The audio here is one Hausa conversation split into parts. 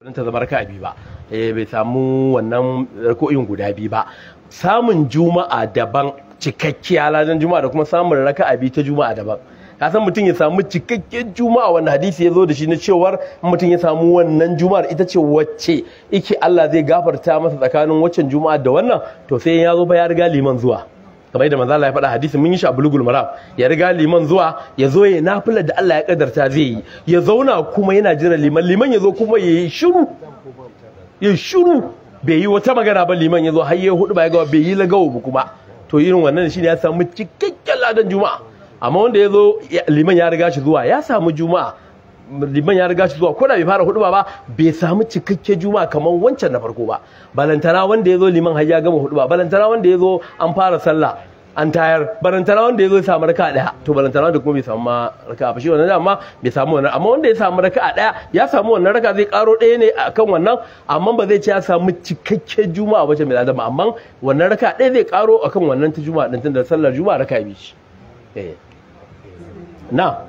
wurin ta zama raka'a biyu ba eh, bai samu wannan rako'in guda biyu ba samun juma'a daban cikakkiya ladan juma'a da kuma samun raka'a biyu ta juma'a daban ka san mutum ya samu cikakken juma'a wanda hadisi ya zo da shi na cewar mutum ya samu wannan juma'ar ita ce wacce ike Allah zai gafarta masa tsakanin waccan juma'a da wannan to sai ya zo ba ya riga liman zuwa kamar yadda manzo Allah ya faɗa hadisi mun yi shi a bulugul maram ya riga liman zuwa ya zo ya nafilar da Allah ya kadarta zai yi ya zauna kuma yana jira liman liman ya zo kuma ya yi shiru ya shiru bai yi wata magana ba liman ya zo har ya hudu ba ya gawa bai yi lagawa ba kuma to irin wannan shine ya samu cikakken ladan juma'a amma wanda ya zo liman ya riga shi zuwa ya samu juma'a liman ya riga shi zuwa ko da bai fara hudu ba bai samu cikakke juma kamar wancan na farko ba balantana wanda ya liman har ya gama hudu ba balantana wanda ya an fara sallah an tayar balantana wanda ya ya samu raka daya to balantana wanda kuma bai samu ma raka ba shi wannan amma bai samu wannan amma wanda ya samu raka daya ya samu wannan raka zai karo daya ne akan wannan amma ba zai ce ya samu cikakke juma'a ba ce mai ladama amma wannan raka daya zai karo akan wannan ta juma'a din tunda sallar juma'a raka bi shi eh na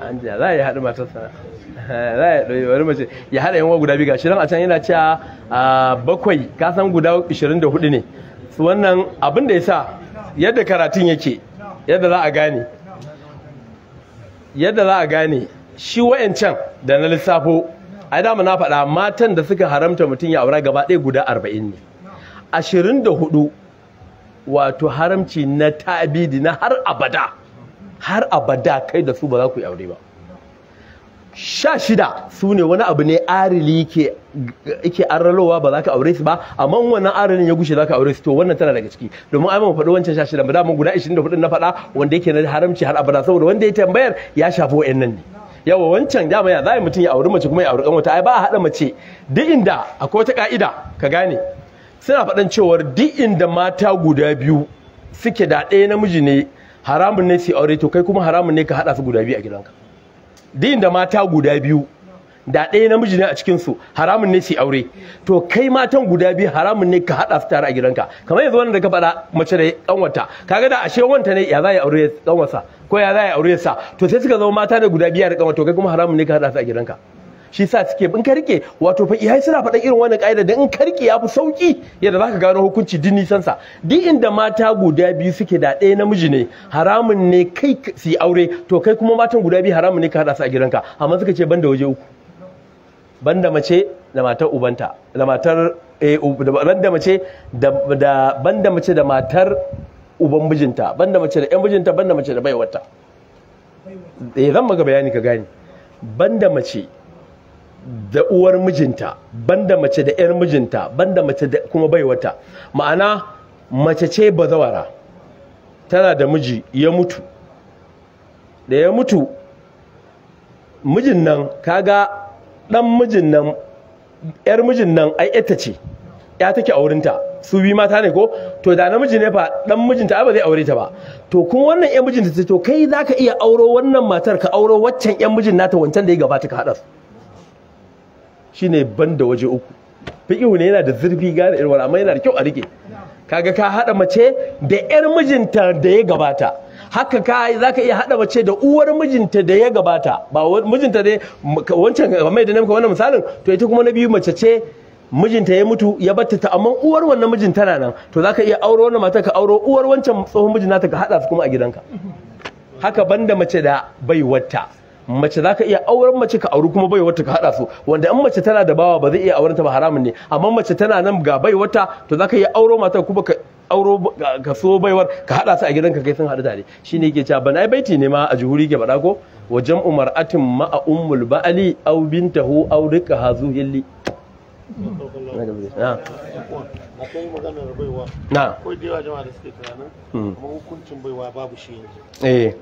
an jiya za a yi haɗu matarsa za a yi wani mace ya haɗa yanwa guda biyu ga shirin a can yana cewa bakwai kasan guda 24 ne wannan abin da ya sa yadda karatun yake yadda za a gane yadda za a gane shi wayancan da na lissafo yi dama na faɗa matan da suka haramta mutum ya aura gaba ɗaya guda 40 ne 24 wato haramci na ta'abidi na har abada har abada kai da su ba za ku yi aure ba sha shida su ne wani abu ne arili ke ike arralowa ba za ka aure su ba amma wannan arilin ya gushe za ka aure su to wannan tana daga ciki domin ai mun faɗi wancan sha shida ba mun guda 24 na faɗa wanda yake na haramci har abada saboda wanda ya tambayar ya shafi nan ne yawa wancan dama ya za mutum ya auri mace kuma ya auri wata ai ba a haɗa mace duk inda akwai wata ka'ida ka gane suna faɗan cewar duk inda mata guda biyu suke da ɗaya namiji ne haramun ne su aure to kai kuma haramun ne ka haɗa su guda biyu a gidanka din da mata guda biyu da ɗaya namiji ne a cikinsu haramun ne su aure to kai matan guda biyu haramun ne ka haɗa su tare a gidanka kamar yanzu wannan da ka faɗa mace da ƙanwata kaga da ashe wanta ne ya za ya aure ƙanwarsa ko ya za ya aure sa to sai suka zama mata ne guda biyu da ƙanwata to kai kuma haramun ne ka haɗa su a gidanka shi sa suke in ka rike wato fa iyai suna faɗan irin wannan ƙa'ida da in ka rike yafi sauki yadda zaka gano hukunci din nisan sa duk inda mata guda biyu suke da ɗaya namiji ne haramun ne kai su aure to kai kuma matan guda biyu haramun ne ka haɗa su a gidanka amma suka ce banda waje uku banda mace da matar ubanta da matar eh, banda mace da banda mace da matar uban mijinta banda mace da yan mijinta banda mace da baiwarta eh zan maka bayani ka gane banda mace da uwar mijinta banda mace da 'yar mijinta banda mace da kuma baiwata ma'ana mace ce bazawara tana da miji ya mutu da ya mutu mijin nan kaga dan mijin nan 'yar mijin nan ai ita ce ya take aurinta su bi mata ne ko to da namiji ne fa dan mijinta ai ba zai aure ta ba to kuma wannan 'yan mijinta ce to kai zaka iya auro wannan matar ka auro waccan 'yan mijin nata wancan da ya gabata ka haɗa su shine banda waje uku fiqhu ne yana da zurfi gane irwar amma yana da kyau a rike kaga ka hada mace da yar mijinta da ya gabata haka ka zaka iya hada mace da uwar mijinta da ya gabata ba mijinta ne wancan mai da namka wannan misalin to ita kuma na biyu mace ce mijinta ya mutu ya batta ta amma uwar wannan mijin tana nan to zaka iya auro wannan mata ka auro uwar wancan tsohon mijin ka hada su kuma a gidanka haka banda mace da baiwarta mace zaka iya auren mace ka auri kuma bai wata ka hada su wanda in mace tana da bawa ba zai iya auren ta ba haramun ne amma mace tana nan ga bai wata to zaka iya auro mata kuma ka auro ka so baiwar ka hada su a gidanka kai sun hadu tare shine yake cewa bana baiti ne ma a juhuri ke faɗa ko wa jam'u mar'atin ma'a ummul ba'ali aw bintahu aw rika hazu hilli akwai maganar baiwa ko da yawa jama'a da suke tunanin kuma hmm. hukuncin baiwa babu shi yanzu eh.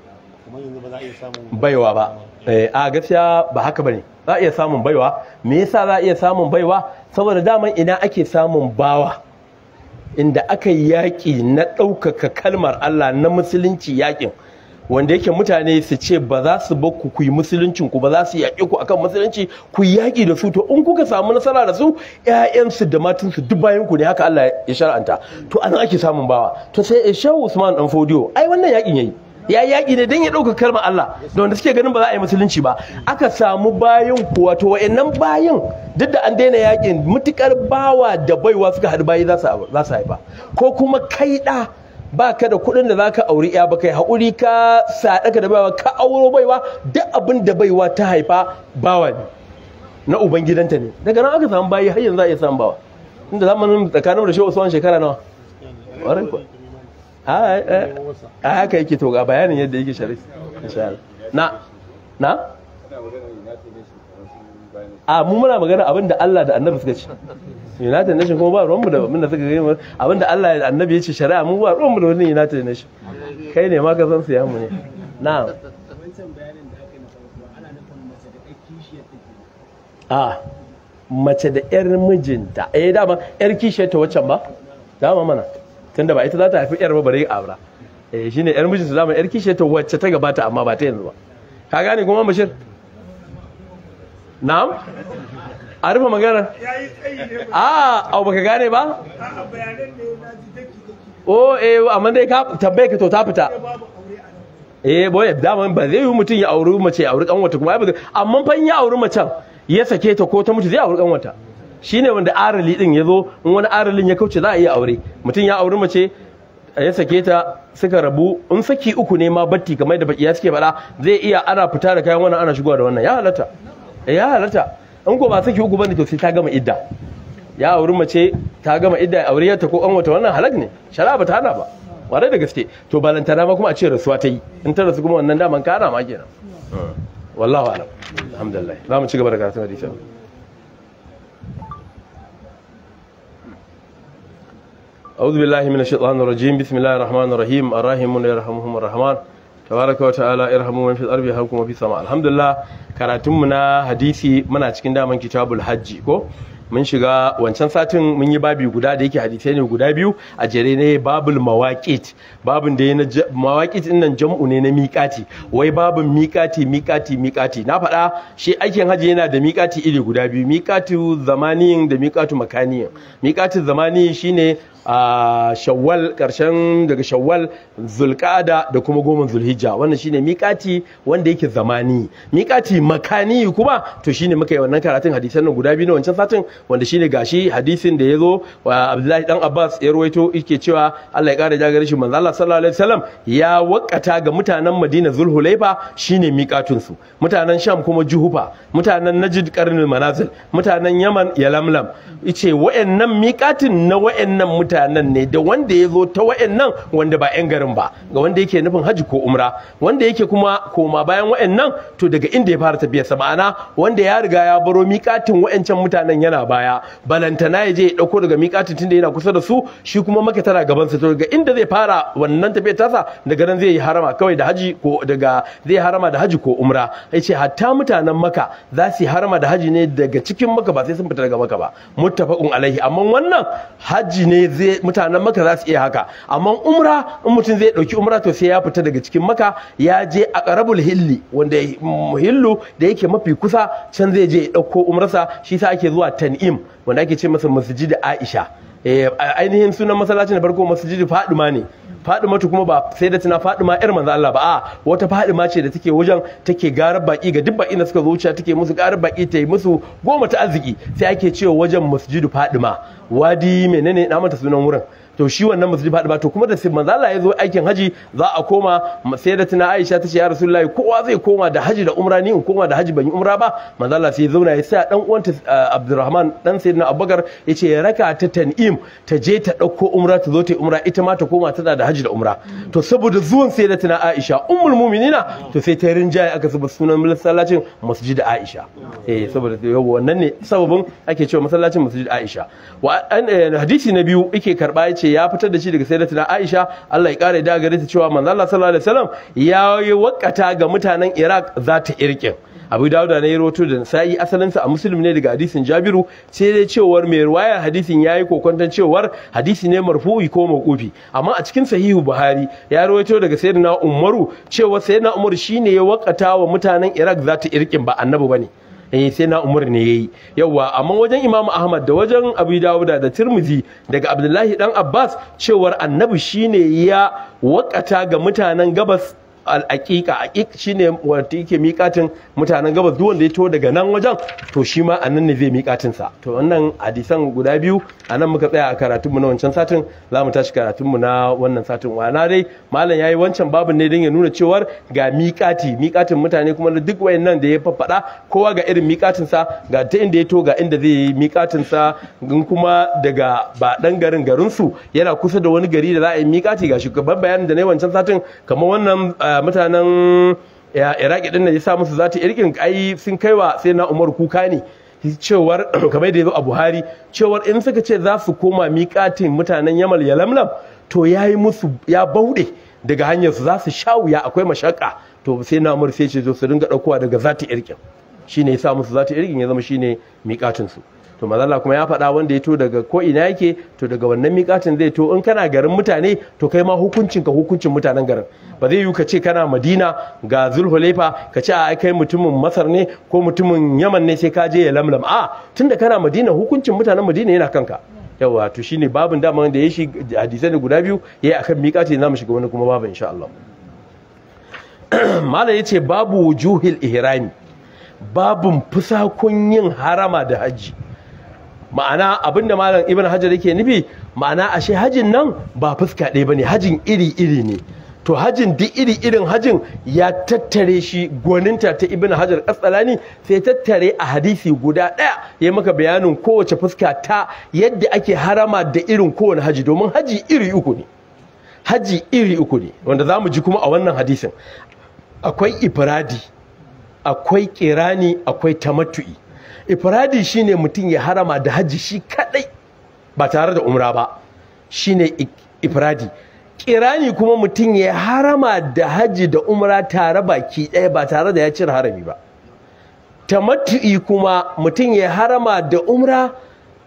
baiwa ba eh, a gaskiya ba haka bane za a iya samun baiwa me yasa za a iya samun baiwa saboda daman ina ake samun bawa inda aka yi yaƙi na ɗaukaka kalmar Allah na musulunci yaƙin wanda yake mutane su ce ba za su ba ku yi musuluncin ku ba za su yaki ku akan musulunci ku yaƙi da su to in kuka samu nasara da su ƴaƴansu da matansu duk bayan ku ne haka Allah ya shar'anta to anan ake samun bawa to sai Shehu Usman dan Fodiyo ai wannan yaƙin yayi ya yaƙi ne don ya ɗauka kalmar Allah da wanda suke ganin ba za a yi musulunci ba aka samu bayan kuwa to wa'annan bayan duk da an daina yaƙin mutukar bawa da baiwa suka haɗu bayi za su haifa ko kuma kai ɗa ba ka da kuɗin da za ka auri ya ba kai haƙuri ka saɗaka da baiwa ka auro baiwa duk abin da baiwa ta haifa bawa ne na ubangidanta ne daga nan aka samu bayi har yanzu za a iya samu bawa inda zamanin tsakanin da shi wani shekara nawa a haka yake to ga bayanin yadda yake sharif na na a mu muna magana abinda Allah da annabi suka ce United Nation kuma ba ruwanmu da abinda suka gani abinda Allah da annabi ya ce shari'a mu ba ruwanmu da wannan United Nation kai ne ma ka san su mu ne na a mace da yar mijinta eh dama yar kishiyar ta waccan ba dama mana tunda ba ita za ta haifi yar ba bare aura eh shine yar mijinsu zama yar kishe ta wacce ta gabata amma ba ta yanzu ba ka gane kuma bashir na'am a rufe magana a ah, au baka gane ba o oh, eh amma dai ka tambaye ka to ta fita eh boye dama ba zai yi mutum ya auri mace ya auri kanwata kuma amma fa ya auri macen ya sake ta ko ta mutu zai auri kanwata shine wanda arali din yazo in wani aralin ya kauce za a iya aure mutum ya auri mace ya sake ta suka rabu in saki uku ne ma batti kamar da bakiya suke faɗa zai iya ana fita da kayan wannan ana shigowa da wannan ya halatta eh, ya halatta in ko ba saki uku bane to sai ta gama idda ya auri mace ta gama idda ta ko an wata wannan halak ne Shara ba ta hana ba ware da gaske to balantana ma kuma a ce rasuwa ta yi in ta rasu kuma wannan daman kana ma kenan hmm. wallahu alam alhamdulillah za mu ci gaba da karatu hadisi أعوذ بالله من الشيطان الرجيم بسم الله الرحمن الرحيم الراحمون يرحمهم الرحمن تبارك وتعالى ارحموا من في الارض ardi في السماء sama لله karatun mu na hadisi muna cikin daman kitabul hajji ko mun shiga wancan satin mun yi babi guda da yake hadisai ne guda biyu a jere ne babul mawaqit babun da yana mawaqit din nan jam'u ne na miqati wai babun miqati miqati miqati na faɗa shi aikin haji yana da miqati iri guda biyu miqatu zamaniyin da miqatu makaniyin miqatu zamaniyin shine a shawwal karshen daga shawwal zulqada da kuma goma zulhijja wannan shine miƙati wanda yake zamani miƙati makani kuma to shine muka yi wannan karatun hadisan nan guda biyu na wancan satin wanda shine gashi hadisin da yazo wa Abdullahi dan Abbas ya ruwaito yake cewa Allah ya kara jagare shi manzo Allah sallallahu alaihi wasallam ya wakata ga mutanen Madina Zulhulaifa shine miƙatun su mutanen Sham kuma Juhufa mutanen Najd karnul Manazil mutanen Yaman Yalamlam yace wa'annan miƙatin na wayannan mutanen ne da wanda ya zo ta wa'in nan wanda ba 'yan garin ba ga wanda yake nufin haji ko umra wanda yake kuma koma bayan wa'in nan to daga inda ya fara sa ma'ana wanda ya riga ya baro miƙatin wa'ancan mutanen yana baya balantana ya je ya ɗauko daga miƙatin tunda yana kusa da su shi kuma maka tana gaban to daga inda zai fara wannan tafiyar tasa daga nan zai yi harama kawai da haji ko daga zai harama da haji ko umra ce hatta mutanen maka za su yi harama da haji ne daga cikin maka ba sai sun fita daga maka ba muttafaqun alaihi amma wannan haji ne zai mutanen maka za su iya haka amma umra in mutum zai ɗauki umra to sai ya fita daga cikin maka ya je a karabul hilli wanda mm, hillu da yake mafi kusa can zai je ya ɗauko umrarsa shi sa ake zuwa tan'im wanda ake ce masa masjidi aisha eh, ainihin sunan masallacin da farko masjidi faduma ne ta kuma ba sai da tana Fadima yar manzo Allah ba a wata faɗima ce da take wajen take garar baki ga duk baƙin da suka zuciya take musu garar baki ta yi musu goma ta arziki sai ake cewa wajen masjidu Fadima wadi menene na mata sunan wurin to shi wannan musulmi ji faɗi ba to kuma da sai manzo Allah ya zo aikin haji za a koma sai Aisha ta ce ya Rasulullahi kowa zai koma da haji da umra ni in koma da haji ban yi umra ba manzo Allah sai ya zauna ya sa dan uwanta eh, abdulrahman dan sayyidina Abubakar yace ya raka ta tan'im ta je ta dauko umra ta zo ta umra ita ma ta koma tana da haji da umra mm. to saboda zuwan sai Aisha ummul mu'minina to sai ta rinjaye aka zuba sunan masallacin masjid Aisha mm. eh saboda wannan ne sababin ake cewa masallacin masjid Aisha wa eh, hadisi na biyu yake karba yace ce ya fitar da shi daga sayyidatina Aisha Allah ya kare da gare ta cewa manzo Allah sallallahu alaihi wasallam ya yi wakata ga mutanen Iraq za ta irkin Abu Dawuda ne ya rawato da sai asalin sa a Muslim ne daga hadisin Jabiru sai dai cewar mai riwayar hadisin yayi kokonton cewar hadisi ne marfu'i ko mauqufi amma a cikin sahihu Buhari ya rawaito daga sayyidina Umaru cewa sayyidina Umar shine ya wakata wa mutanen Iraq za ta irkin ba annabi bane eh sai na umar ne yayi yawa amma wajen imam ahmad da wajen abu dawuda da tirmizi daga abdullahi dan abbas cewar annabi shine ya wakata ga mutanen gabas al'aƙiƙa shi shine wanda yake miƙatin mutanen gabas duk wanda ya to daga nan wajen to shi ma anan ne zai miƙatin sa to wannan hadisan guda biyu a nan muka tsaya a karatunmu na wancan satin za mu tashi karatunmu na wannan satin wana dai malam ya yi wancan babin ne don ya nuna cewar ga miƙati miƙatin mutane kuma da duk nan da ya faffaɗa kowa ga irin miƙatin sa ga ta inda ya to ga inda zai yi miƙatin sa kuma daga ba dan garin garin su yana kusa da wani gari da za a yi miƙati ga shugaban bayanin da na yi wancan satin kamar wannan eh, mutanen iraki din da ya sa musu ta irkin ai sun kaiwa sai na umar kuka ne cewar kamar da ya zo a buhari cewar in suka ce za su koma miƙatin mutanen yamal ya lamlam to ya yi musu ya bauɗe daga hanyar su za su sha wuya akwai mashaka to sai na umar sai ce zo su dinga ɗaukowa daga ta irkin shine ya sa musu ta irkin ya zama shine miƙatin su to mazalla kuma ya faɗa wanda ya to daga ko ina yake to daga wannan miƙatin zai to in kana garin mutane to kai ma hukuncin ka hukuncin mutanen garin ba zai yiwu ka ce kana madina ga zulhulaifa ka ce a kai mutumin masar ne ko mutumin yaman ne sai ka je ya lamlam a tunda kana madina hukuncin mutanen madina yana kanka yawa to shine babin daman da ya shi hadisai guda biyu yayi akan miƙati zamu shiga wani kuma babu insha Allah mala yace babu wujuhil ihrami babun fusakun yin harama da hajji ma'ana abinda malam ibn hajar yake nufi ma'ana ashe hajin nan ba fuska ɗaya ba ne. hajin iri iri ne to hajin duk iri irin hajin ya tattare shi gwaninta ta ibn hajar Katsalani sai tattare a hadisi guda ɗaya ya maka bayanin kowace fuska ta yadda ake harama da irin kowane haji domin haji iri uku ne haji iri uku ne wanda za mu ji kuma a wannan hadisin akwai ifradi akwai kirani akwai tamattu'i ifradi shine mutum ya harama da hajji shi kadai ba tare da umra ba shine ifradi kirani kuma mutum ya harama da hajji da umra tare baki ɗaya ba tare da ya cire harami ba Tamatu'i kuma mutum ya harama da umra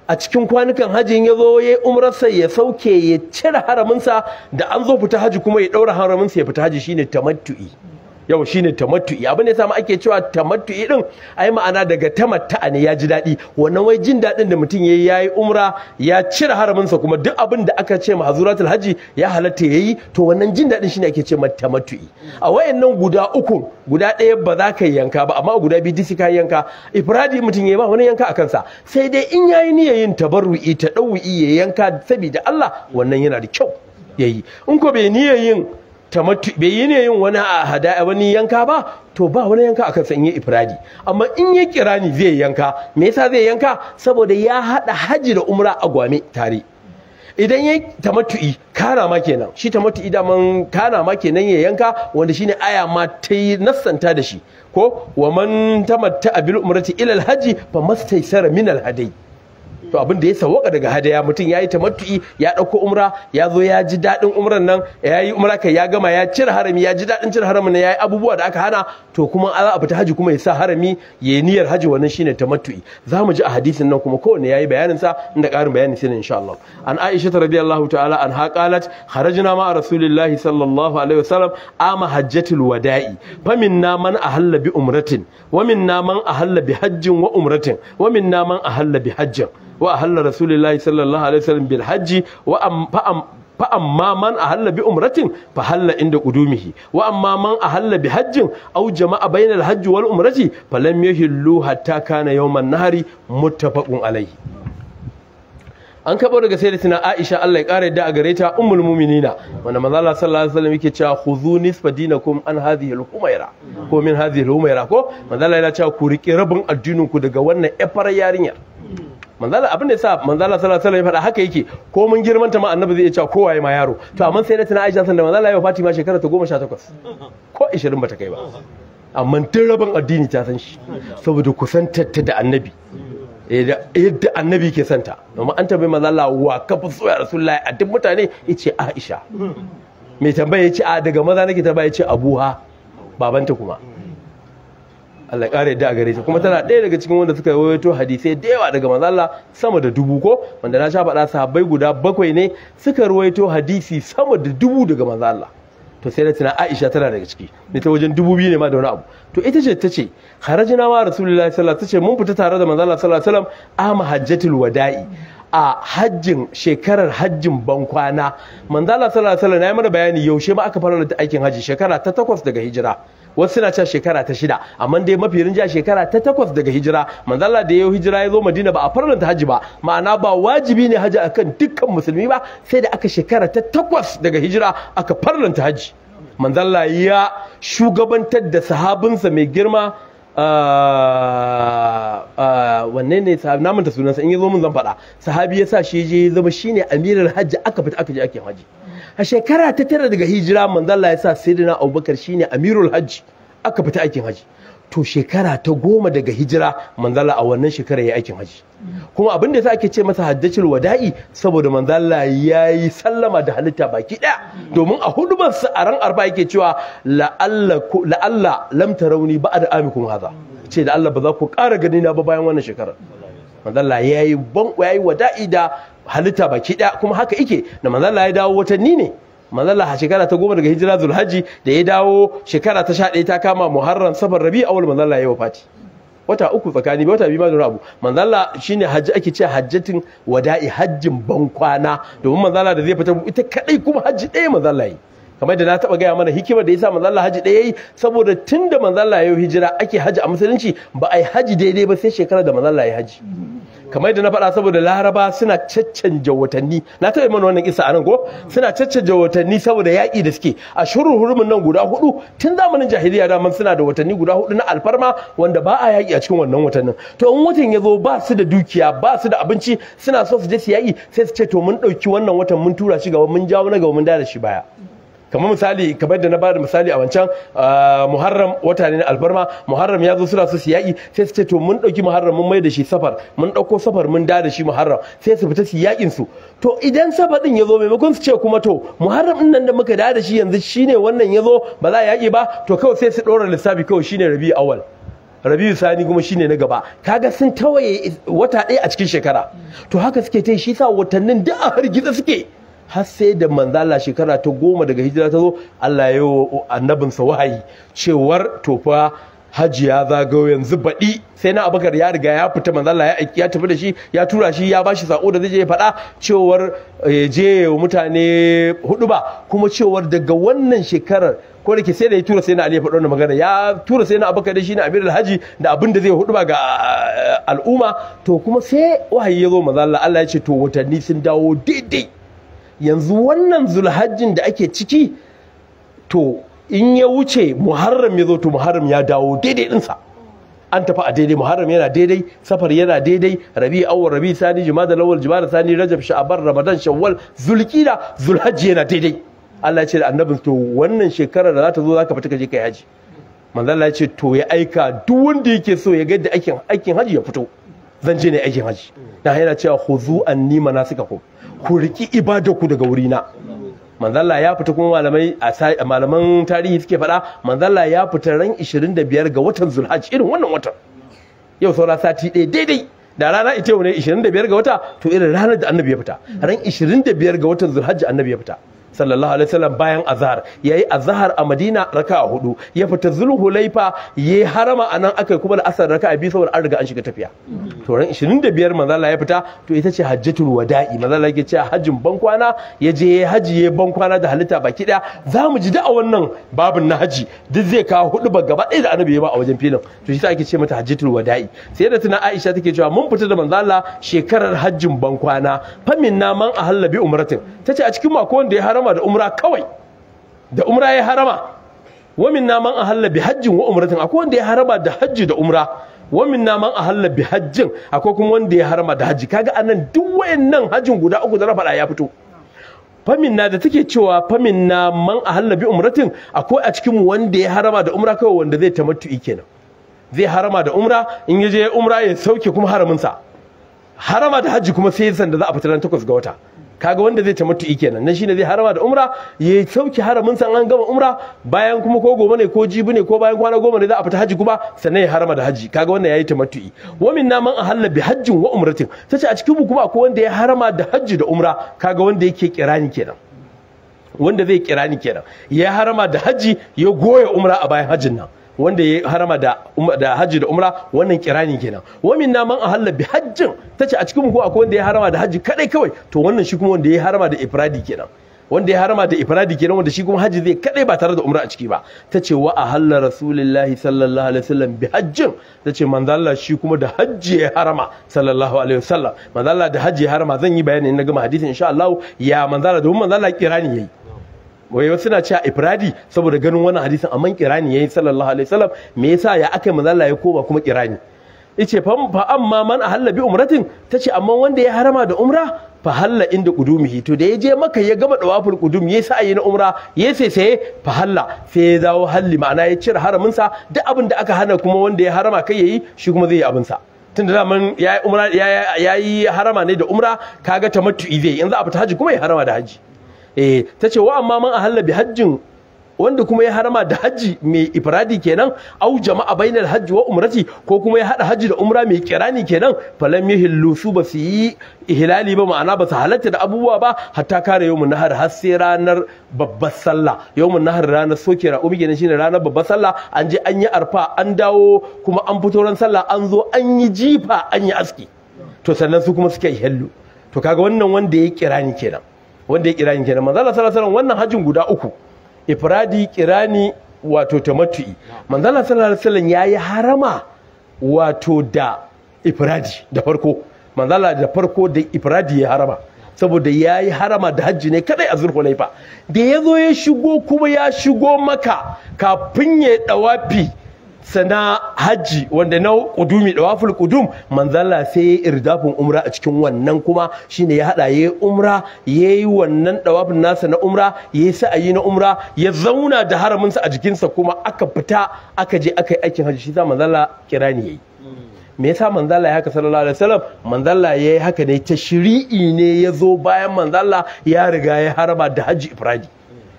a cikin kwanukan hajjin ya zo ya umrarsa ya sauke ya cire haraminsa da an zo fita haji kuma ya ɗaura haraminsa ya fita haji shine tamatu'i. yau shine tamattu'i abin da samu ake cewa tamattu'i din ai ma'ana daga tamatta'a ne ya ji daɗi wannan wai jin daɗin da mutum yayi yayi umra ya cire sa. kuma duk abin da aka ce mahzuratul haji ya halatta yi. to wannan jin daɗin shine ake ce tamattu'i a wayannan guda uku guda ɗaya ba za ka yanka ba amma guda biyu duk ka yanka ifradi mutum yayi ba wani yanka a kansa sai dai in yayi niyyar yin tabarru'i ta ɗau'i ya yanka sabida Allah wannan yana da kyau yayi in ko bai niyyar yin bai yi ne yin wani a hada wani yanka ba to ba wani yanka akan sa in ifradi amma in ya kira ni zai yanka me yasa zai yanka saboda ya hada haji da umra a gwame tare idan ya tamattu'i kana ma kenan shi tamattu'i daman kana ma kenan ya yanka wanda shine aya ma ta yi nassanta da shi ko wa man tamatta bil umrati ila al haji fa mastaysara min al hadai to abin da ya sawaka daga hadaya mutum ya yi tamattu'i ya ɗauko umra ya zo ya ji daɗin umran nan ya yi umra kai ya gama ya cire harami ya ji daɗin cire harami na ya yi abubuwa da aka hana to kuma za a fita haji kuma ya sa harami ya yi niyyar haji wannan shine tamattu'i za mu ji a hadisin nan kuma kowane ya yi bayanin sa inda ƙarin bayani sai insha Allah an Aisha radiyallahu ta'ala an ha qalat kharajna ma rasulillahi sallallahu alaihi wasallam ama hajjatul wada'i faminna man ahalla bi umratin wa minna man ahalla bi hajjin wa umratin wa minna man ahalla bi hajjin wa ahalla rasulullahi sallallahu alaihi wasallam bil hajji wa fa amma man ahalla bi umratin fa halla inda qudumihi wa amma man ahalla bi hajjin aw jama'a al hajji wal umrati fa lam yahillu hatta kana yawman nahari muttafaqun alaihi an kabo daga sayyidatina Aisha Allah ya kare da a gare ta ummul mu'minina wanda manzo Allah sallallahu alaihi wasallam yake cewa khudhu nisfa dinakum an hadhihi al-humayra ko min hadhihi al-humayra ko manzo Allah yana cewa ku riƙe rabin addinin ku daga wannan efar yarinya manzala abin da yasa manzala sallallahu alaihi ya faɗa haka yake ko mun girman ta ma annabi zai iya cewa kowaye ma yaro to amma sai da tana Aisha san da manzala ya Fatima shekara ta 18 ko 20 bata kai ba amma tun rabin addini ta san shi saboda kusantar ta da annabi eh, yadda annabi ke santa amma an tambayi manzala wa ka fi so ya rasulullahi a duk mutane yace Aisha mai tambaya yace a daga maza nake tambaya yace Abuha babanta kuma Allah ƙara yadda a gare shi kuma tana ɗaya daga cikin wanda suka rawaito hadisai da yawa daga manzo Allah sama da dubu ko wanda na sha faɗa sahabbai guda bakwai ne suka rawaito hadisi sama da dubu daga manzo Allah to sai da tana Aisha tana daga ciki ne ta wajen dubu biyu ne ma da wani abu to ita ce ta ce kharajna ma rasulullahi sallallahu alaihi wasallam mun fita tare da manzo Allah sallallahu alaihi wasallam a hajjatul wada'i a hajjin shekarar hajjin bankwana manzala Allah sallallahu alaihi wasallam ya mana bayani yaushe ma aka fara da aikin haji shekara ta takwas daga hijira wasu suna can shekara ta shida amma dai mafi rinja shekara ta takwas daga hijira manzala da ya hijira ya zo Madina ba a farlanta hajji ba ma'ana ba wajibi ne haji akan dukkan musulmi ba sai da aka shekara ta takwas daga hijira aka farlanta haji Manzala ya shugabantar da sahabinsa mai girma ah, ah, wanne ne namun sunansa in ya zo mun zan faɗa sahabi ya sa shi je zama shine amirar hajji aka fita aka je ake haji a shekara ta tara daga hijira manzalla ya sa sayyidina abubakar shine amirul hajji aka fita aikin hajji to shekara ta goma daga hijira manzala a wannan shekara ya aikin haji kuma abin da yasa ake ce masa haddacin wada'i saboda manzala ya yi sallama da halitta baki ɗaya domin a hudubar su a ran arba yake cewa la'alla lamtarauni rauni ba da kuma haza ce da Allah ba za ku kara ganina ba bayan wannan shekara Mandala ya yi wada'i da halitta baki daya kuma haka ike da manzala ya dawo watanni ne manzala a shekara ta goma daga hijira zulhaji da ya dawo shekara ta sha ɗaya ta kama muharram safar rabi awal manzala ya wafati wata uku tsakani wata biyu ma da rabu manzala shine hajji ake ce hajjatin wada'i hajjin bankwana domin manzala da zai fita ita kadai kuma hajji ɗaya manzala yi kamar da na taba gaya mana hikimar da yasa manzala hajji ɗaya yi saboda tunda manzala ya hijira ake hajji a musulunci ba a yi hajji daidai ba sai shekara da manzala ya hajji kamar yadda na faɗa saboda laraba suna caccanja watanni na taɓa mana wannan isa anan ko suna caccanja watanni saboda yaƙi da suke a shirin hurumin nan guda hudu tun zamanin jahiliya da suna da watanni guda hudu na alfarma wanda ba a yaƙi a cikin wannan watannin to in watan ya zo ba su da dukiya ba su da abinci suna so su je su yaƙi sai su ce to mun ɗauki wannan watan mun tura shi gaba mun jawo na gaba mun da shi baya kamar misali kamar da na bada misali a wancan muharram wata ne alfarma muharram ya zo suna su siyaki sai su ce to mun dauki muharram mun mai da shi safar mun dauko safar mun da da shi muharram sai su fita siyakin su to idan safar din ya zo maimakon su ce kuma to muharram din nan da muka da da shi yanzu shine wannan ya zo ba za a yaki ba to kawai sai su dora lissafi kawai shine rabi'u awal rabiu sani kuma shine na gaba kaga sun tawaye wata ɗaya a cikin shekara to haka suke ta shi sa watannin duk a hargitsa suke har sai da manzala shekara ta goma daga hijira ta zo Allah ya yi annabinsa wahayi cewar tofa hajji ya zagayo yanzu baɗi sai na abakar ya riga ya fita manzala ya aiki ya tafi da shi ya tura shi ya bashi sako da zai je faɗa cewar ya je mutane hudu ba kuma cewar daga wannan shekarar ko da ke sai da ya tura sai na Ali ya faɗo wannan magana ya tura sai na abakar da shi na Amirul Haji da abin da zai hudu ba ga al'umma to kuma sai wahayi ya zo manzala Allah ya ce to watanni sun dawo daidai yanzu wannan zulhajjin da ake ciki to in ya wuce muharram ya zo to muharram ya dawo daidai dinsa. an tafi a daidai muharram yana daidai safar yana daidai rabi awwal rabi sani jumada lawal jumada sani rajab sha'ban ramadan shawwal zulqida zulhajji yana daidai Allah ya ce da annabin to wannan shekarar da za ta zo zaka fita ka je kai haji manzo Allah ya ce to ya aika duk wanda yake so ya ga da aikin aikin haji ya fito zan je ne aikin haji na yana cewa nima na suka ku riki ku daga wurina manzalla ya fita kuma malamai a malaman tarihi suke faɗa manzalla ya fita ran 25 ga watan zulhajj irin wannan watan yau saura sati ɗaya daidai da rana ita yau ne 25 ga wata to irin ranar da annabi ya fita ran 25 ga watan zulhajj annabi ya fita sallallahu alaihi wasallam bayan azhar yayi azhar a Madina raka hudu ya fita zulhulaifa ya harama anan akai kuma asar raka'a biyu saboda an riga an shiga tafiya to ran 25 manzo Allah ya fita to ita ce hajjatul wada'i manzo Allah yake cewa hajjin bankwana ya je ya haji ya bankwana da halitta baki daya zamu ji da a wannan babin na haji duk zai kawo hudu ba gaba ɗaya da annabi ya ba a wajen filin to shi sa ake ce mata hajjatul wada'i sai da tuna Aisha take cewa mun fita da manzo Allah shekarar hajjin bankwana famin na man ahalla bi umratin tace a cikin mako wanda ya harama harama da umra kawai da umra ya harama wa minna man ahalla bi hajjin wa umratin akwai wanda ya harama da hajji da umra wa minna man ahalla bi hajjin akwai kuma wanda ya harama da hajji kaga anan duk wayannan hajjin guda uku da rafa ya fito na da take cewa famin man ahalla bi umratin akwai a cikin wanda ya harama da umra kawai wanda zai tamattu'i kenan zai harama da umra in ya je umra ya sauke kuma haraminsa harama da hajji kuma sai da za a fita ran takwas ga wata kaga wanda zai tamattu'i kenan nan shine zai harama da umra ya sauki haramin san an gama umra bayan kuma ko goma ne ko jibi ne ko bayan kwana goma ne za a fita haji kuma sannan ya harama da haji kaga wannan yayi tamattu'i wa minna man ahalla bi hajjin wa umratin ce a cikin mu kuma akwai wanda ya harama da haji da umra kaga wanda yake kirani kenan wanda zai kirani kenan ya harama da haji ya goya umra a bayan hajin nan wanda ya harama da um-, da haji da umra wannan kirani kenan wa minna man ahalla bi hajjin tace a cikin mu ko akwai wanda ya harama da haji kadai kawai to wannan shi kuma wanda ya harama da ifradi kenan wanda ya harama da ifradi kenan wanda shi kuma haji zai kadai ba tare da umra a ciki ba tace wa ahalla rasulullahi sallallahu alaihi wasallam bi hajjin tace ce Allah shi kuma da haji ya harama sallallahu alaihi wasallam manzo da haji ya harama zan yi bayani in na gama hadisin insha Allah ya manzo da domin kirani yayi wai suna cewa ifradi saboda ganin wannan hadisin amma kirani yayi sallallahu alaihi wasallam me yasa ya aka manzo ya koma kuma kirani yace fa amma man ahalla bi umratin tace amma wanda ya harama da umra fa halla inda qudumihi to da yaje maka ya gama dawaful qudum yayi sa'ayi na umra yayi sai sai fa halla sai ya zawo halli ma'ana ya cire haramin sa duk abin da aka hana kuma wanda ya harama kai yayi shi kuma zai yi abin sa tunda da zaman yayi umra harama ne da umra kaga tamattu zai yanzu a fita haji kuma ya harama da haji eh ce wa amma man ahalla bi hajjin wanda kuma ya harama da hajji mai ifradi kenan au jama'a bainal hajji wa umrati ko kuma ya hada hajji da umra mai kirani kenan falam yahillu su ba su yi ihlali ba ma'ana ba su halatta da abubuwa ba hatta kare yawmun nahar har sai ranar babbar sallah yawmun nahar ranar soke ra umi kenan shine ranar babbar sallah an je an yi arfa an dawo kuma an fito ran sallah an zo an yi jifa an yi aski to sannan su kuma suke ihlallu to kaga wannan wanda ya kirani kenan wanda ya kirani kenan manzo Allah sallallahu alaihi wannan hajjin guda uku ifradi kirani wato tamattu'i manzo Allah sallallahu alaihi yayi harama wato da ifradi da farko manzo Allah da farko da ifradi ya harama saboda yayi harama da hajji ne kadai a zulhulaifa da ya zo ya shigo kuma ya shigo maka kafin ya dawafi sana haji wanda na kudumi da kudum manzala sai ya irdafin umra a cikin wannan kuma shine ya hada yayi umra yayi wannan dawafin nasa na umra yayi sa'ayi na umra ya zauna da haramin sa a jikinsa kuma aka fita aka je aka yi aikin haji shi za manzala kirani yayi me yasa Manzala ya haka sallallahu alaihi wasallam manzalla yayi haka ne ta shiri'i ne yazo bayan Manzala ya riga ya haraba da hajji ifradi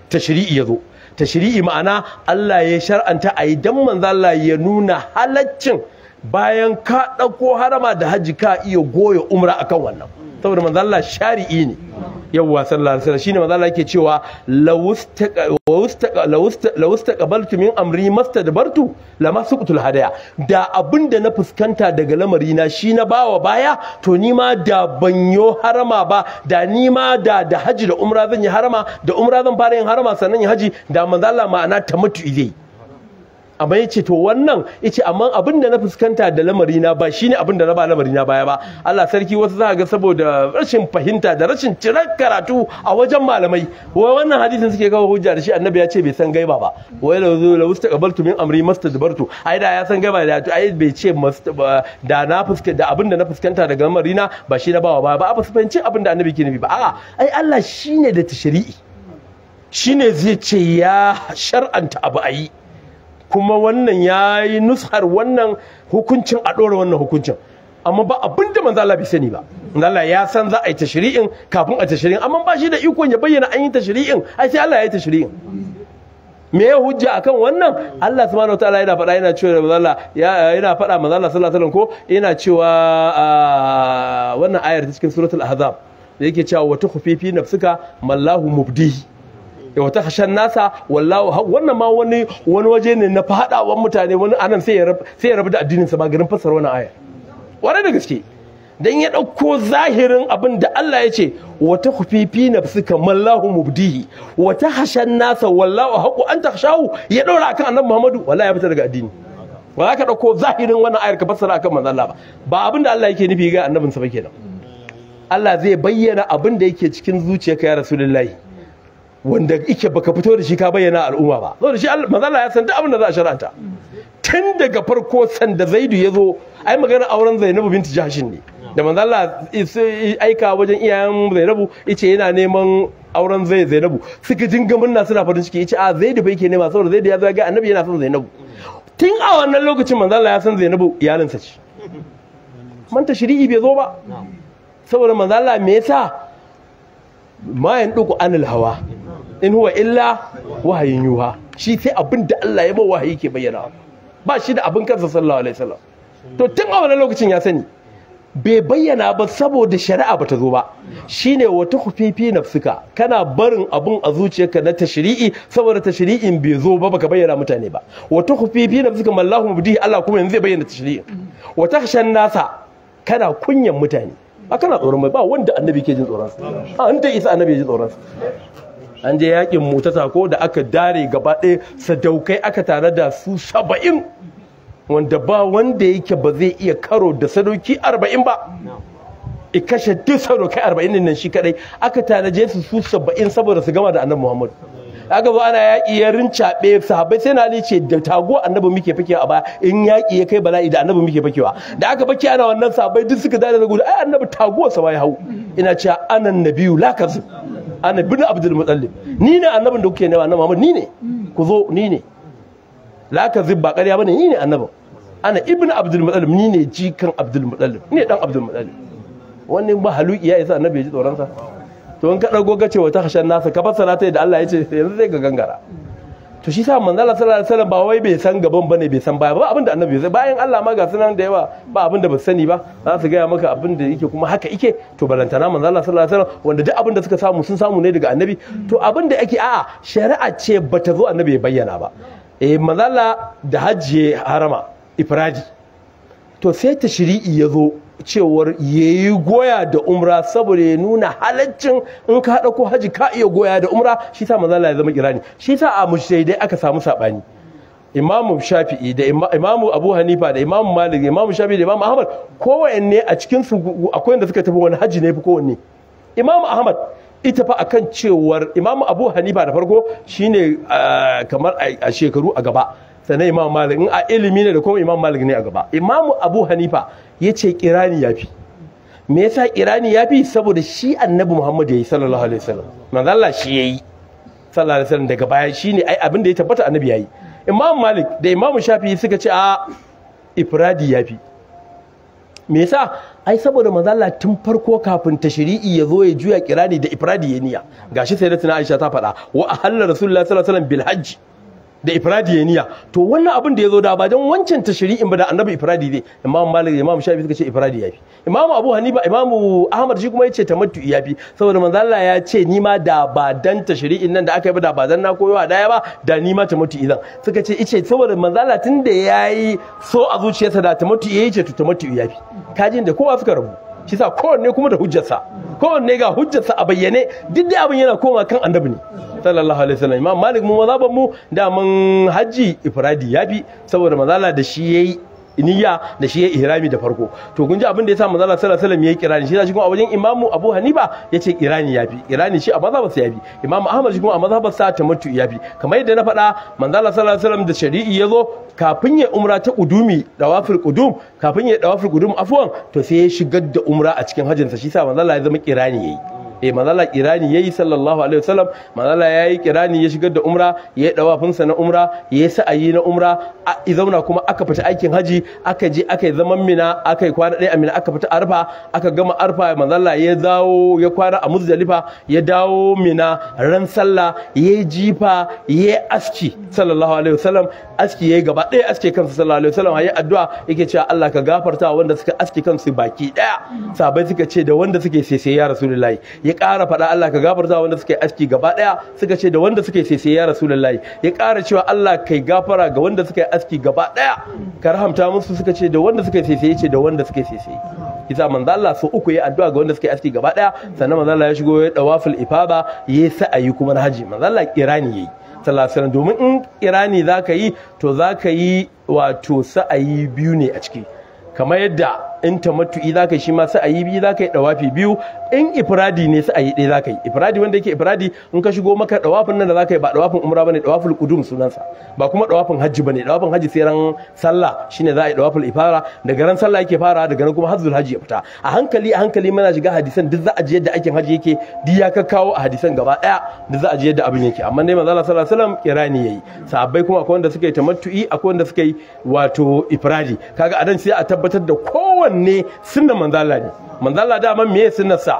tashri'i yazo tashiri'i ma'ana Allah ya shar'anta a yi don manzan Allah ya nuna halaccin bayan ka ɗauko harama da hajji ka iya goya umra akan wannan saboda manzo shari'i ne Yau sallallahu alaihi wasallam shine manzo Allah yake cewa lawustaqabaltu min amri mastadbartu lama suqtul hadaya da abinda na fuskanta daga lamari na shi na bawa baya to ni ma da banyo harama ba da ni ma da da haji da umra zan yi harama da umra zan fara yin harama sannan yi haji da manzo Allah ma'ana ta matu'izai. amma ya ce to wannan ya ce amma abin da na fuskanta da lamarina ba shi ne abin da na ba lamarina baya ba Allah sarki wasu za ga saboda rashin fahimta da rashin cirar karatu a wajen malamai wai wannan hadisin suke kawo hujja da shi annabi ya ce bai san gaiba ba wai la zu la ustaqbaltu min amri mastadbartu ai da ya san gaiba da ai bai ce da na fuska da abin da na fuskanta daga lamarina ba shi na bawa ba ba a fahimci abin da annabi ke nufi ba a'a ai Allah shine da tashri'i shine zai ce ya shar'anta abu ayi kuma wannan ya yi nushar wannan hukuncin a ɗora wannan hukuncin amma ba abin da manzo Allah bai sani ba manzo Allah ya san za a yi tashri'in kafin a tashri'in amma ba shi da iko ya bayyana an yi tashri'in ai sai Allah ya yi tashri'in me ya hujja akan wannan Allah subhanahu wataala yana faɗa yana cewa manzo Allah yana faɗa manzo Allah sallallahu alaihi wasallam ko yana cewa wannan ayar ta cikin suratul ahzab da yake cewa wa tukhfifi fi mallahu mubdihi wata hashan nasa wallahu wannan ma wani wani waje ne na fadawan mutane wani anan sai ya sai ya rabu da addinin sa ba garin fassara wannan aya wani da gaske dan ya dauko zahirin abin da Allah ya ce wata khufifi nafsika mallahu mubdihi wata hashan nasa wallahu haqu anta khashahu ya daura akan annabi Muhammadu wallahi ya fita daga addini ba za ka dauko zahirin wannan ayar ka fassara akan manzon Allah ba ba abin da Allah yake nufi ga annabinsa ba kenan Allah zai bayyana abin da yake cikin zuciyarka ya rasulullahi wanda ike baka fito da shi ka bayyana al'umma ba saboda shi manzala ya san duk abin da za a shar'anta tun daga farko sanda zaidu ya zo ai magana auren zainabu binti jahashin ne da manzala aika wajen iyayen zainabu ice yana neman auren zai zainabu suka jinga na suna farin ciki ice a zaidu bai ke nema saboda zaidu ya zo ga annabi yana son zainabu tun a wannan lokacin manzala ya san zainabu iyalinsa ce manta shiri'i bai zo ba saboda manzala me yasa mayan duku anil hawa in huwa illa wahayin yuha shi sai abin da Allah ya ba wahayi ke bayyana ba shi da abin kansa sallallahu alaihi wasallam to tun a wannan lokacin ya sani bai bayyana ba saboda shari'a bata zo ba shine wata kufifi nafsuka kana barin abun a zuciyarka na tashri'i saboda tashri'in bai zo ba baka bayyana mutane ba wata kufifi nafsuka mallahu mubdihi Allah kuma yanzu zai bayyana tashri'i wata kashan nasa kana kunyan mutane ba kana tsoron mai ba wanda annabi ke jin tsoron sa an da isa annabi ya ji tsoron sa an je yakin mutata ko da aka dare gaba ɗaya sadaukai aka tare da su saba'in wanda ba wanda yake ba zai iya karo da sadauki arba'in ba i kashe duk sadaukai arba'in nan shi kadai aka tanaje su su saba'in saboda su gama da annabi muhammad aka ba ana yaƙi ya rincaɓe sahabai sai na ce da tago annabi muke fakewa a baya in yaƙi ya kai bala'i da annabi muke fakewa da aka fake ana wannan sahabai duk suka dare da gudu ai annabi tago sa ya hau ina cewa anan nabiyu la ana bin abdul mutallib ni ne annabin da kuke nema annabi Muhammad ni ne ku zo ni ne laka zibba ƙarya bane ni ne annabin ana ibn abdul mutallib ni ne jikan abdul mutallib ni ne dan abdul mutallib wannan ba haluki ya isa annabi ya ji tsoron sa to in ka dago ga cewa ta hashan nasa ka fassara ta da Allah ya ce yanzu zai ga gangara to shi sa manzo Allah sallallahu alaihi wasallam ba wai bai san gaban bane bai san baya ba abinda annabi sai bayan Allah ma ga sunan da yawa ba abinda ba sani ba za su gaya maka abinda yake kuma haka yake to balantana manzo Allah sallallahu alaihi wasallam wanda duk abinda suka samu sun samu ne daga annabi to abinda ake a shari'a ce bata zo annabi ya bayyana ba eh manzo Allah da hajji harama ifradi to sai tashri'i ya zo cewar yi goya da umra saboda ya nuna halaccin in ka haɗa ko haji ka iya goya da umra shi sa manzo ya zama kirani shi sa a mushaidai aka samu saɓani. imamu shafi'i da imamu abu hanifa da imamu malik da imamu shafi'i da imamu ahmad kowanne a cikin su akwai wanda suka tafi wani haji ne fi kowanne imamu ahmad ita fa akan cewar imamu abu hanifa da farko shine kamar a shekaru a gaba sannan imamu malik in a ilimi ne da kuma imamu malik ne a gaba imamu abu hanifa ya ce kirani ya fi me yasa kirani ya fi saboda shi annabi muhammad ya yi sallallahu alaihi wasallam manzo Allah shi ya yi sallallahu alaihi wasallam daga baya shine ai abin da ya tabbata annabi ya yi imam malik da imam shafi suka ce a ifradi ya fi me yasa ai saboda manzo Allah tun farko kafin tashri'i ya zo ya juya kirani da ifradi ya niya gashi sai da tana Aisha ta faɗa wa ahalla rasulullahi sallallahu alaihi wasallam bil hajji da ifradi niya to wannan abin da ya zo da ba dan wancan tashri'in ba da annabi ifradi ne imam malik imam shafi suka ce ifradi yafi imam abu hanifa imam ahmad shi kuma yace tamattu yafi saboda manzo Allah ya ce ni ma da ba dan tashri'in nan da aka yi ba da ba dan na koyo a daya ba da ni ma tamattu idan suka ce ice saboda manzo Allah tunda yayi so a zuciyarsa da tamattu yayi ce to tamattu yafi kajin da kowa suka rabu shi kowanne kuma da hujjarsa kowanne ga hujjarsa a bayyane duk da abin yana koma kan annabi ne sallallahu alaihi wasallam imam malik mu mazaban mu da mun haji ifradi yafi saboda mazala da shi yayi niyya da shi ya ihrami da farko to kun ji abin da sa manzo Allah sallallahu alaihi wasallam yi kirani shi shi kuma a wajen Imam Abu Hanifa yace kirani yafi kirani shi a mazhabar sa yafi Imam Ahmad shi kuma a mazhabar sa tamattu yafi kamar yadda na faɗa manzo Allah sallallahu alaihi wasallam da shari'i yazo kafin ya umra ta kudumi wafil kudum kafin ya dawafil kudum afwan to sai ya shigar da umra a cikin hajjin sa shi sa manzo Allah ya zama kirani yayi eh manzala kirani yayi sallallahu alaihi wasallam manzala yayi kirani ya shigar da umra ya yi dawafin sa na umra ya yi sa'ayi na umra a zauna kuma aka fita aikin haji aka je aka yi zaman mina aka yi kwana ɗaya a mina aka fita arfa aka gama arfa manzala ya dawo ya kwana a muzdalifa ya dawo mina ran sallah yayi jifa ya aski sallallahu alaihi wasallam aski ya yi gaba ɗaya aski kansa sallallahu alaihi wasallam yi addu'a yake cewa Allah ka gafarta wanda suka aski kansu baki ɗaya sabai suka ce da wanda suke sai sai ya rasulullahi ya ƙara faɗa Allah ka gafarta wanda suka yi aski gaba ɗaya suka ce da wanda suka yi sai ya rasulullahi ya ƙara cewa Allah kai gafara ga wanda suka yi aski gaba ɗaya ka rahamta musu suka ce da wanda suka yi sai ce da wanda suka yi sai isa manzo Allah so uku ya addu'a ga wanda suka yi aski gaba ɗaya sannan manzo Allah ya shigo ya dawaful ifaba ya ayi kuma na haji manzo Allah kirani yayi sallallahu domin in kirani zaka yi to zaka yi wato sa'ayi biyu ne a ciki kamar yadda in tamattu'i za ka yi shi ma yi biyu za ka yi dawafi biyu in ifradi ne yi ɗaya za ka yi ifradi wanda yake ifradi in ka shigo maka dawafin nan da za ka yi ba dawafin umra bane dawaful qudum sunansa ba kuma dawafin hajji bane dawafin hajji sai ran sallah shine za a yi dawaful ifara daga ran sallah yake fara daga ran kuma hazzul hajji ya fita a hankali a hankali muna shiga hadisan duk za a ji yadda aikin hajji yake duk ya kakkawo a hadisan gaba daya duk za a ji yadda abin yake amma dai manzo Allah sallallahu alaihi wasallam kirani yayi sahabbai kuma akwai wanda suka yi tamattu'i akwai wanda suka yi wato ifradi kaga dan sai a tabbatar da kowanne kowanne sunnan manzala ne manzala daman meye sa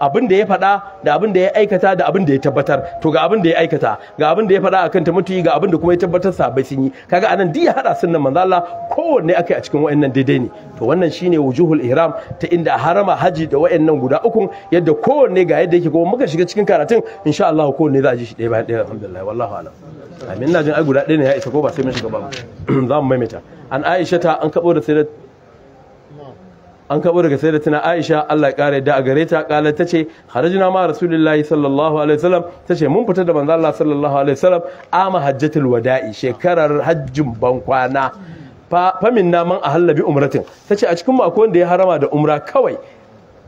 abin da ya faɗa da abin da ya aikata da abin da ya tabbatar to ga abin da ya aikata ga abin da ya faɗa akan ta mutu ga abin da kuma ya tabbatar sa sun yi kaga anan duk ya hada sunnan manzo Allah kowanne akai a cikin wayannan daidai ne to wannan shine wujuhul ihram ta inda harama haji da wayannan guda uku yadda kowanne ga yadda yake kuma muka shiga cikin karatun insha Allah kowanne za a ji shi ɗaya bayan ɗaya alhamdulillah wallahu alam amin na jin ai guda ɗaya ne ya isa ko ba sai mun shiga ba za mu maimaita an aisha ta an kabo da sayyidat an kaɓo daga da tana Aisha Allah ya ƙara da a gare ta kala tace harajina ma rasulullahi sallallahu alaihi wasallam ce mun fita da manzo Allah sallallahu alaihi wasallam ama hajjatul wada'i shekarar hajjin bankwana fa famin naman a hallabi umratin ta ce a cikin mako da ya harama da umra kawai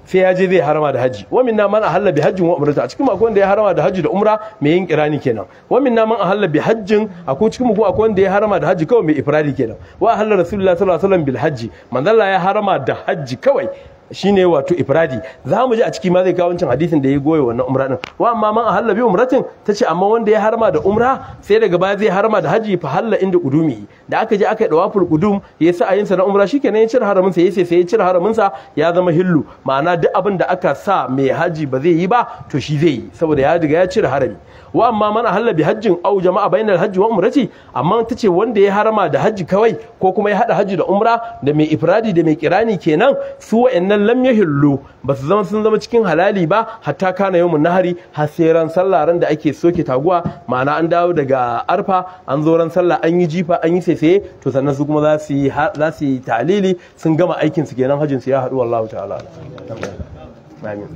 sai ya je zai harama da haji wa minna man ahalla bi hajjin wa umrata a cikin akwai wanda ya harama da haji da umra mai yin kirani kenan wa minna man ahalla bi hajjin akwai cikin mu akwai wanda ya harama da haji kawai mai ifradi kenan wa ahalla rasulullahi sallallahu alaihi wasallam bil ya harama da haji kawai shine wato ifradi za mu ji a ciki ma zai kawo wancan hadisin da ya goye wannan umra din wa amma man ahalla bi umratin tace amma wanda ya harma da umra sai daga baya zai harma da haji fa halla inda qudumi da aka je aka yi dawaful qudum ya sa ayin sa na umra shikenan ya cire haramin sa yace sai ya cire haramin sa ya zama hillu ma'ana duk abin da aka sa mai haji ba zai yi ba to shi zai yi saboda ya riga ya cire harami wa amma man ahalla bi hajjin au jama'a bainal hajji wa umrati amma tace wanda ya harma da haji kawai ko kuma ya hada haji da umra da mai ifradi da mai kirani kenan su wa'annan nan lam yahillu ba su zama sun zama cikin halali ba hatta kana yawmun nahari har sai ran sallah ran da ake soke taguwa ma'ana an dawo daga arfa an zo ran sallah an yi jifa an yi saisaye to sannan su kuma za su yi za su talili sun gama aikin su kenan hajjin su ya haɗu wallahu ta'ala amin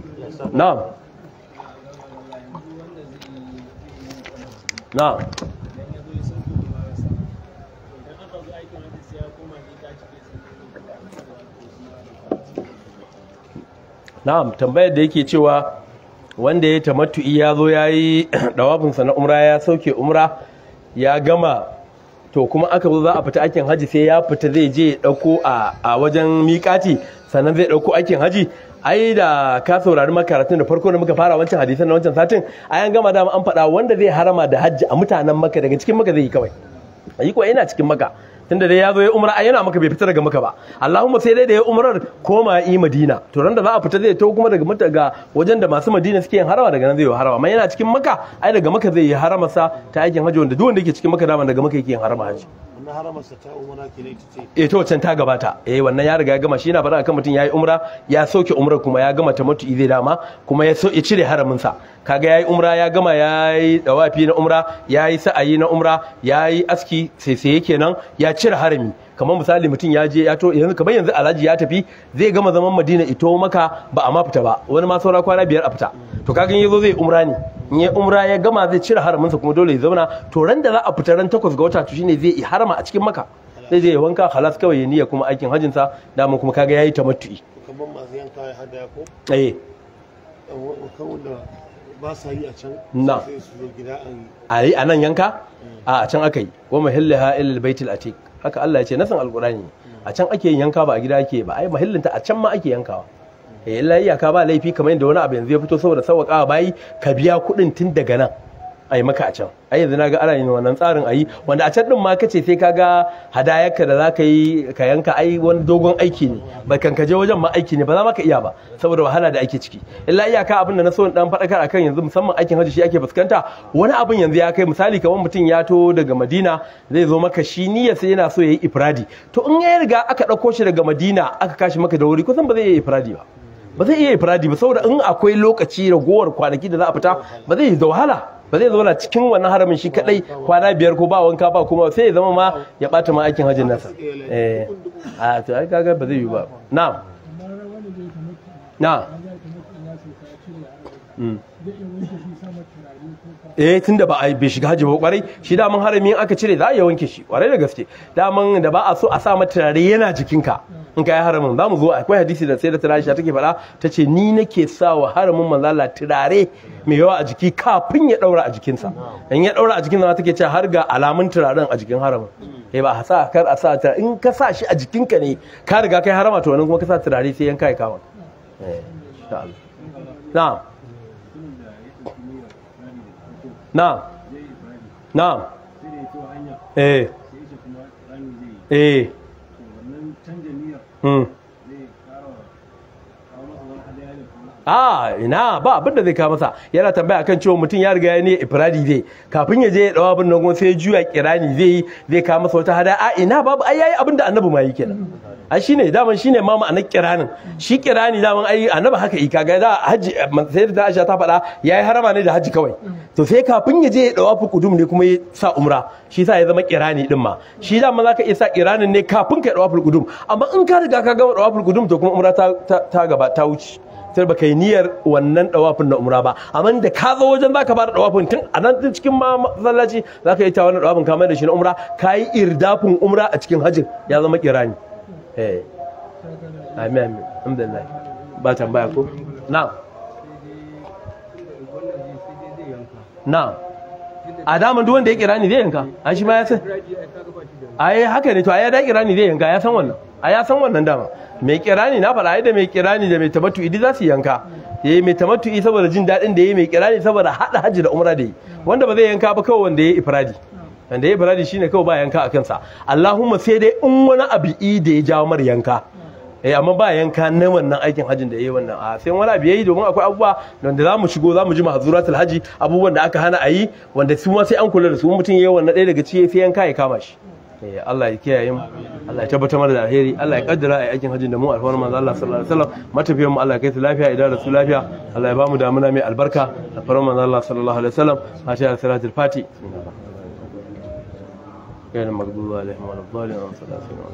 na'am na'am na'am tambayar da yake cewa wanda ya tamattu'i ya zo ya yi ɗawafinsa na umra ya sauke umra ya gama to kuma aka zo za a fita aikin haji sai ya fita zai je ɗauko a wajen miƙati sannan zai ɗauko aikin haji ai da ka saurari makaratun da farko da muka fara wancan hadisan na wancan satin ai an gama dama an faɗa wanda zai harama da hajji a mutanen maka daga cikin maka zai yi kawai ayi kuwa ina cikin maka tunda dai ya zo ya umra yana maka bai fita daga maka ba Allahumma sai dai da ya umrar koma yi Madina to ran da za a fita zai to kuma daga ga wajen da masu Madina suke yin harawa daga nan zai yi harawa amma yana cikin maka ai daga maka zai yi haramarsa ta aikin hajji wanda duk wanda yake cikin maka da daga maka yake yin harama hajji na haramarsa ta umra eh, ta gabata eh wannan ya riga ya gama shi yana fara kan mutum yayi umra ya soke umra kuma ya gama ta mutu zai dama kuma ya so ya cire haramin sa kaga yayi umra ya gama yayi dawafi na umra yayi sa'ayi na umra yayi aski sai sai kenan ya cire harami kamar misali mutum ya je ya to yanzu kamar yanzu alhaji ya tafi zai gama zaman madina ito maka ba a ma fita ba wani ma saura kwana biyar a fita to kaga yazo zai umra ne in ya umra ya gama zai cire haraminsa kuma dole ya zauna to ran da za a fita ran takwas ga wata to shine zai yi harama a cikin maka zai je ya wanka halas kawai ya niyya kuma aikin hajjin sa dama kuma kaga yayi tamattu'i kaman masu yanka ya hada ko eh ba sa yi a can na ayi a nan yanka a can aka yi wa mahillaha ilal baitul atiq haka Allah ya ce nasan alqurani a can ake yin yanka ba a gida ake ba ai mahallinta a can ma ake yankawa eh illa iyaka ba laifi kamar yadda wani abu yanzu ya fito saboda sauƙaƙa bayi ka biya kuɗin tun daga nan a yi maka a can a yanzu na ga ana yin wannan tsarin ayi wanda a can din ma kace sai ka ga hadayarka da za ka yi ka yanka ai wani dogon aiki ne ba kan ka je wajen ma aiki ne ba za ma ka iya ba saboda wahala da ake ciki illa iyaka abin da na so in dan faɗakar akan yanzu musamman aikin hajji shi ake fuskanta wani abin yanzu ya kai misali kamar mutum ya to daga Madina zai zo maka shi niyyar sai yana so ya yi ifradi to in ya riga aka ɗauko shi daga Madina aka kashi maka da wuri kusan ba zai yi ifradi ba ba zai iya ifradi ba saboda in akwai lokaci ragowar kwanaki da za a fita ba zai da wahala ba zai zauna cikin wannan haramin shi kadai kwana biyar ko ba wanka ba kuma sai ya zama ma ya bata ma aikin hajjin nasa eh a to ai kaga ba zai yi ba na'am na'am hmm. eh tunda ba a bai shiga haji ba kwarai shi daman harami aka cire za a yi wanke shi kwarai da gaske daman da ba a so a sa mata turare yana jikinka in ka yi haramin za mu zo akwai hadisi da sai da tarashi take faɗa ta ce ni nake sa wa haramin manzala turare mai yawa a jiki kafin ya ɗaura a jikinsa in ya ɗaura a jikin ma take ce har ga alamun turaren a jikin haramin eh ba sa kar a sa ta in ka sa shi a jikinka ne ka riga kai harama to wannan kuma ka sa turare sai yanka ya kawo eh, na'am Na na'am eh eh hmm. Ah, ina ba abin da zai kawo masa yana tambaya kan cewa mutum ya riga ya ne ifradi zai kafin ya je ya dawo abin nan sai juya kirani zai zai kawo masa wata hada a ah, ina babu ai yayi abin da annabi ma yi kenan ai shine daman shine ma ma'anar kiranin shi kirani daman ai annabi haka ika kaga da haji eh, sai da Aisha ta fada yayi harama ne da haji kawai to sai kafin ya je ya dawa kudum ne kuma ya sa umra shi sa ya zama kirani din ma shi daman zaka iya sa kiranin ne kafin ka dawa kudum amma in ka riga ka gama dawa kudum to kuma umra ta ta gaba ta wuce sai baka yi niyyar wannan dawafin na umra ba amma da ka zo wajen zaka bada dawafin tun a nan cikin masallaci zaka yi ta wannan dawafin kamar da shi na umra kayi irdafin umra a cikin hajji ya zama kirani eh amin amin alhamdulillah ba tambaya ko na na a daman duk wanda ya kira ni zai yanka an shi ma ya san ai haka ne to ai ya da kira ni zai yanka ya san wannan ai ya san wannan dama mai kira ni na fara ai da mai kira ni da mai tabattu idi za su yanka yayi eh, mai tamattu'i saboda jin daɗin da yi mai kirani saboda haɗa hajji da umra da yi wanda ba zai yanka ba kawai wanda ya yi ifradi wanda ya shi shine kawai ba yanka a kansa Allahumma sai dai in wani abu i da ya jawo mar yanka eh amma ba yanka na wannan aikin hajjin da yayi wannan a ah, sai wani abu yayi domin akwai abubuwa wanda zamu shigo zamu ji mahzuratul haji abubuwan da aka hana ayi wanda su ma sai an kula da su mutum yayi wannan ɗaya daga ciye sai yanka ya kama shi eh, Allah ya kiyaye mu Allah ya tabbatar mana da alheri Allah ya kaddara a aikin hajjin da mu alfawar manzo Allah sallallahu alaihi wasallam matafiyan mu Allah ya kai su lafiya idan rasul lafiya Allah ya ba mu damuna mai albarka alfawar manzo Allah sallallahu alaihi wasallam fatiha salatul fati غير المغضوب عليهم ولا الضالين